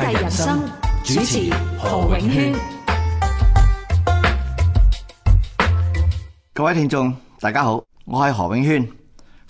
統計人生，主持何永軒。各位聽眾，大家好，我係何永軒，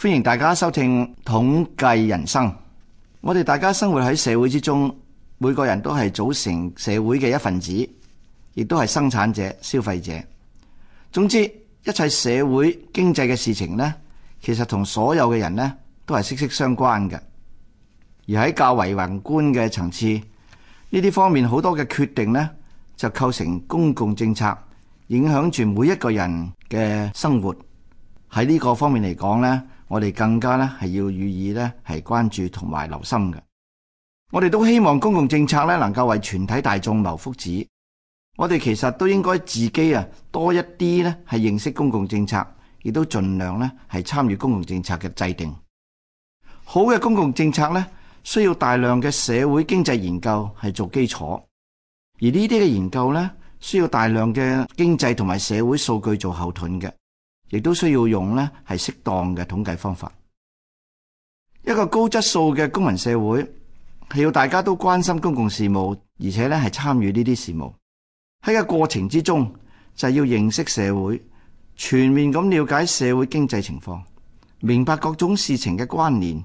歡迎大家收聽統計人生。我哋大家生活喺社會之中，每個人都係組成社會嘅一份子，亦都係生產者、消費者。總之，一切社會經濟嘅事情呢，其實同所有嘅人呢，都係息息相關嘅。而喺較為宏觀嘅層次，呢啲方面好多嘅決定呢，就構成公共政策，影響住每一個人嘅生活。喺呢個方面嚟講呢，我哋更加呢係要予以呢係關注同埋留心嘅。我哋都希望公共政策呢能夠為全體大眾謀福祉。我哋其實都應該自己啊多一啲呢係認識公共政策，亦都盡量呢係參與公共政策嘅制定。好嘅公共政策呢。需要大量嘅社會經濟研究係做基礎，而呢啲嘅研究呢，需要大量嘅經濟同埋社會數據做後盾嘅，亦都需要用呢係適當嘅統計方法。一個高質素嘅公民社會，係要大家都關心公共事務，而且呢係參與呢啲事務。喺個過程之中，就係要認識社會，全面咁了解社會經濟情況，明白各種事情嘅關聯。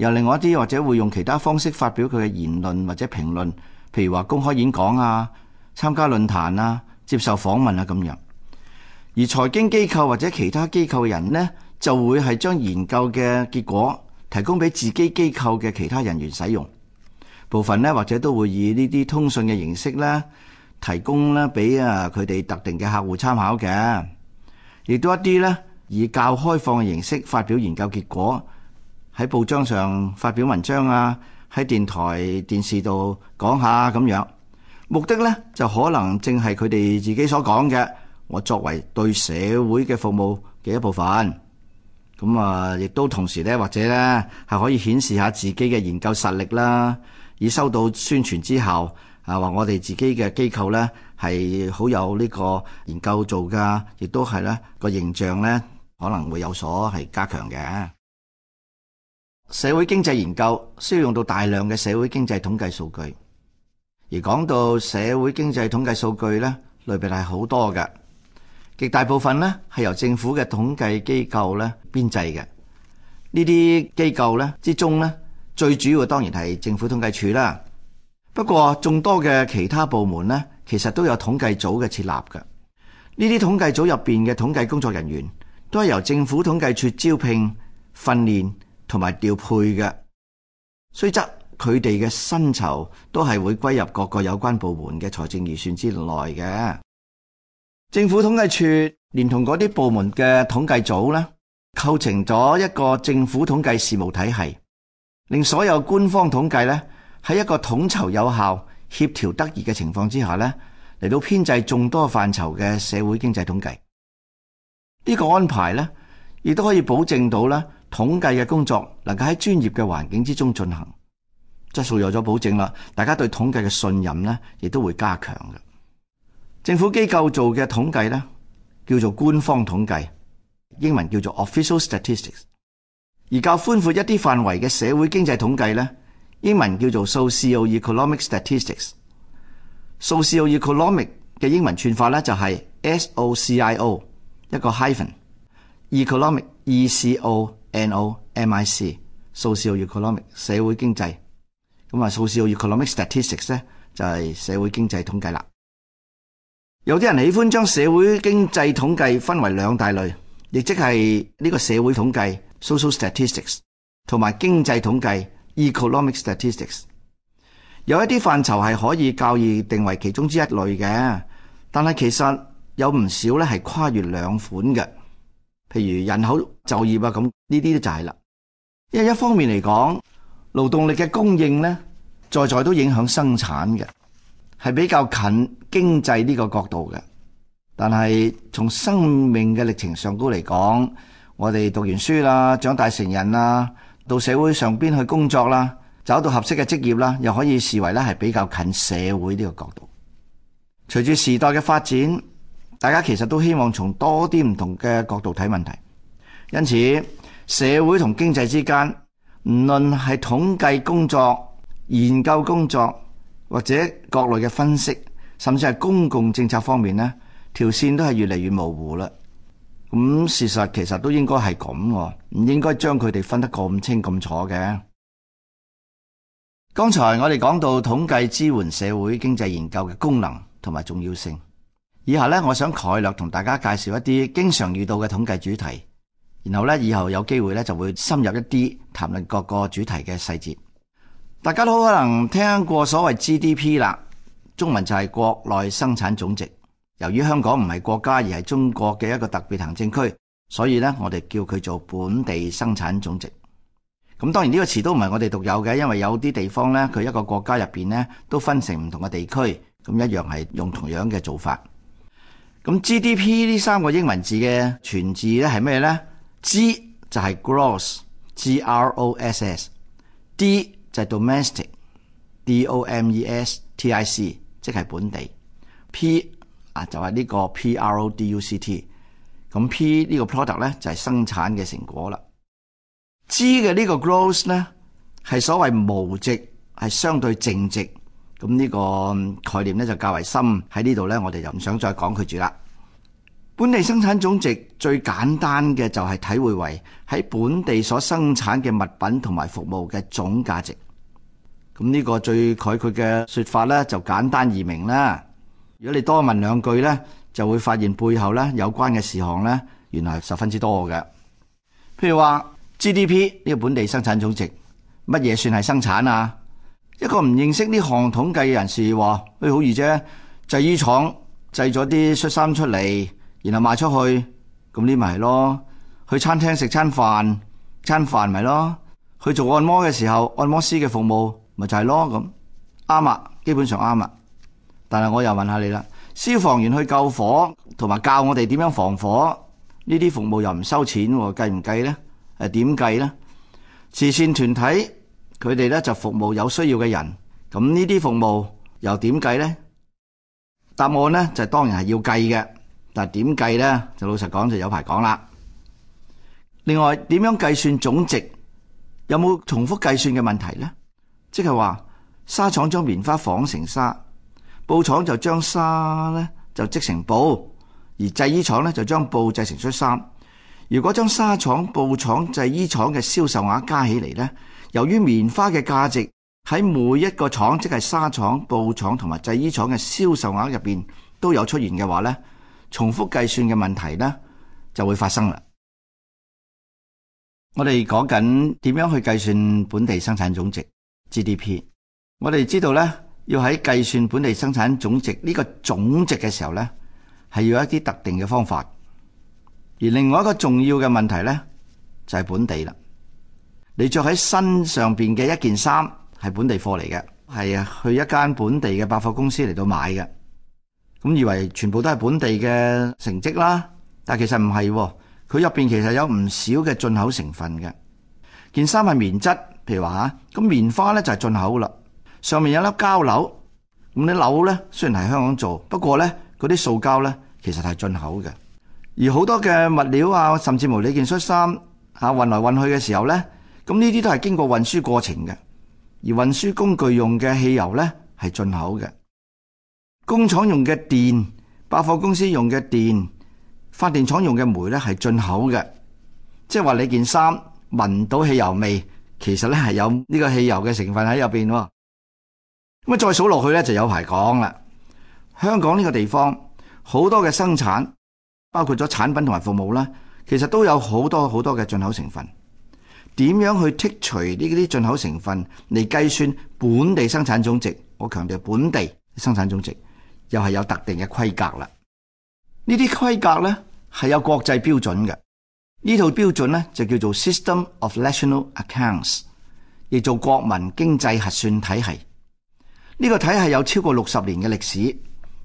又另外一啲或者會用其他方式發表佢嘅言論或者評論，譬如話公開演講啊、參加論壇啊、接受訪問啊咁樣。而財經機構或者其他機構人呢，就會係將研究嘅結果提供俾自己機構嘅其他人員使用。部分呢，或者都會以呢啲通訊嘅形式咧提供咧俾啊佢哋特定嘅客戶參考嘅。亦都一啲呢以較開放嘅形式發表研究結果。喺報章上發表文章啊，喺電台、電視度講下咁樣，目的呢，就可能正係佢哋自己所講嘅，我作為對社會嘅服務嘅一部分，咁啊，亦都同時呢，或者呢，係可以顯示下自己嘅研究實力啦。以收到宣傳之後，啊話我哋自己嘅機構呢，係好有呢個研究做嘅，亦都係呢個形象呢，可能會有所係加強嘅。社會經濟研究需要用到大量嘅社會經濟統計數據，而講到社會經濟統計數據呢，類別係好多嘅。極大部分呢係由政府嘅統計機構咧編製嘅。呢啲機構咧之中呢，最主要當然係政府統計處啦。不過眾多嘅其他部門呢，其實都有統計組嘅設立嘅。呢啲統計組入邊嘅統計工作人員都係由政府統計處招聘訓練。訓練同埋調配嘅，雖則佢哋嘅薪酬都係會歸入各個有關部門嘅財政預算之內嘅。政府統計處連同嗰啲部門嘅統計組咧，構成咗一個政府統計事務體系，令所有官方統計咧喺一個統籌有效、協調得宜嘅情況之下咧，嚟到編製眾多範疇嘅社會經濟統計。呢個安排咧，亦都可以保證到咧。統計嘅工作能夠喺專業嘅環境之中進行，質素有咗保證啦。大家對統計嘅信任呢，亦都會加強嘅。政府機構做嘅統計呢，叫做官方統計，英文叫做 Official Statistics。而較寬闊一啲範圍嘅社會經濟統計呢，英文叫做 Socio-Economic Statistics。Socio-economic 嘅英文串法呢，就係 SOCIO 一個 hyphen Economic ECO nomic，socio-economic 社會經濟咁啊，socio-economic statistics 咧就係、是、社會經濟統計啦。有啲人喜歡將社會經濟統計分為兩大類，亦即係呢個社會統計 social statistics 同埋經濟統計 economic statistics。有一啲範疇係可以較易定為其中之一類嘅，但係其實有唔少咧係跨越兩款嘅。譬如人口就業啊，咁呢啲都就係啦。一一方面嚟講，勞動力嘅供應呢，在在都影響生產嘅，係比較近經濟呢個角度嘅。但係從生命嘅歷程上高嚟講，我哋讀完書啦，長大成人啦，到社會上邊去工作啦，找到合適嘅職業啦，又可以視為咧係比較近社會呢個角度。隨住時代嘅發展。大家其實都希望從多啲唔同嘅角度睇問題，因此社會同經濟之間，唔論係統計工作、研究工作或者各類嘅分析，甚至係公共政策方面呢條線都係越嚟越模糊啦。咁事實其實都應該係咁，唔應該將佢哋分得咁清咁楚嘅。剛才我哋講到統計支援社會經濟研究嘅功能同埋重要性。以下咧，我想概略同大家介紹一啲經常遇到嘅統計主題，然後咧以後有機會咧就會深入一啲談論各個主題嘅細節。大家都好可能聽過所謂 GDP 啦，中文就係國內生產總值。由於香港唔係國家而係中國嘅一個特別行政區，所以咧我哋叫佢做本地生產總值。咁當然呢個詞都唔係我哋獨有嘅，因為有啲地方咧佢一個國家入邊咧都分成唔同嘅地區，咁一樣係用同樣嘅做法。咁 GDP 呢三個英文字嘅全字咧係咩咧？G 就係 gross，G-R-O-S-S。D 就係 domestic，D-O-M-E-S-T-I-C，即係本地。P 啊就係呢個 P-R-O-D-U-C-T。咁 P 呢個 product 咧就係生產嘅成果啦。G 嘅呢個 gross 咧係所謂無值，係相對淨值。咁呢個概念呢，就較為深，喺呢度呢，我哋就唔想再講佢住啦。本地生產總值最簡單嘅就係體會為喺本地所生產嘅物品同埋服務嘅總價值。咁呢個最概括嘅說法呢，就簡單易明啦。如果你多問兩句呢，就會發現背後呢有關嘅事項呢，原來十分之多嘅。譬如話 GDP 呢個本地生產總值，乜嘢算係生產啊？一個唔認識呢項統計嘅人士話：喂，好易啫，製衣廠製咗啲恤衫出嚟，然後賣出去，咁呢咪係咯？去餐廳食餐飯，餐飯咪咯？去做按摩嘅時候，按摩師嘅服務咪就係咯？咁啱啊，基本上啱啊。但係我又問下你啦，消防員去救火同埋教我哋點樣防火，呢啲服務又唔收錢，計唔計呢？誒，點計呢？慈善團體。佢哋咧就服務有需要嘅人，咁呢啲服務又點計呢？答案呢就當然係要計嘅，但點計呢？就老實講就有排講啦。另外點樣計算總值，有冇重複計算嘅問題呢？即係話紗廠將棉花紡成紗，布廠就將紗呢就織成布，而製衣廠呢就將布製成恤衫。如果將紗廠、布廠、製衣廠嘅銷售額加起嚟呢？由於棉花嘅價值喺每一個廠，即係紗廠、布廠同埋製衣廠嘅銷售額入面都有出現嘅話呢，重複計算嘅問題呢就會發生啦。我哋講緊點樣去計算本地生產總值 GDP。我哋知道呢要喺計算本地生產總值呢個總值嘅時候呢，係要一啲特定嘅方法。而另外一個重要嘅問題呢，就係本地啦。.你着喺身上邊嘅一件衫係本地貨嚟嘅，係啊，去一間本地嘅百貨公司嚟到買嘅。咁以為全部都係本地嘅成績啦，但係其實唔係。佢入邊其實有唔少嘅進口成分嘅。件衫係棉質，譬如話吓，咁棉花咧就係進口啦。上面有粒膠紐，咁你紐咧雖然係香港做，不過咧嗰啲塑膠咧其實，係進口嘅。而好多嘅物料啊，甚至乎你件恤衫啊運來運去嘅時候咧，咁呢啲都係經過運輸過程嘅，而運輸工具用嘅汽油呢係進口嘅，工廠用嘅電、百貨公司用嘅電、發電廠用嘅煤呢係進口嘅。即係話你件衫聞到汽油味，其實呢係有呢個汽油嘅成分喺入邊。咁再數落去呢，就有排講啦。香港呢個地方好多嘅生產，包括咗產品同埋服務啦，其實都有好多好多嘅進口成分。點樣去剔除呢啲進口成分嚟計算本地生產總值？我強調本地生產總值又係有特定嘅規格啦。呢啲規格呢係有國際標準嘅。呢套標準呢就叫做 System of National Accounts，亦做國民經濟核算體系。呢個體系有超過六十年嘅歷史，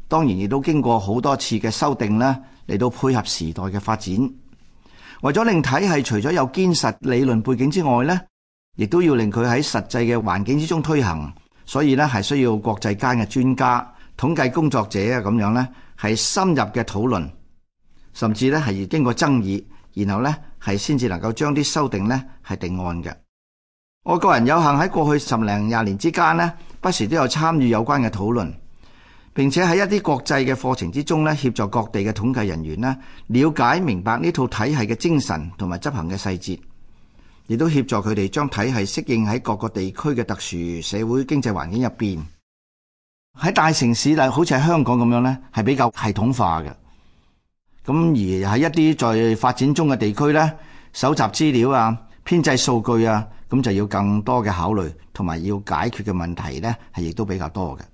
當然亦都經過好多次嘅修訂啦，嚟到配合時代嘅發展。為咗令體系除咗有堅實理論背景之外呢，亦都要令佢喺實際嘅環境之中推行，所以呢，係需要國際間嘅專家、統計工作者啊，咁樣呢，係深入嘅討論，甚至呢，係經過爭議，然後呢，係先至能夠將啲修訂呢係定案嘅。我個人有幸喺過去十零廿年之間呢，不時都有參與有關嘅討論。並且喺一啲國際嘅課程之中咧，協助各地嘅統計人員呢，了解明白呢套體系嘅精神同埋執行嘅細節，亦都協助佢哋將體系適應喺各個地區嘅特殊社會經濟環境入邊。喺大城市，例如好似喺香港咁樣咧，係比較系統化嘅。咁而喺一啲在發展中嘅地區咧，搜集資料啊、編製數據啊，咁就要更多嘅考慮同埋要解決嘅問題咧，係亦都比較多嘅。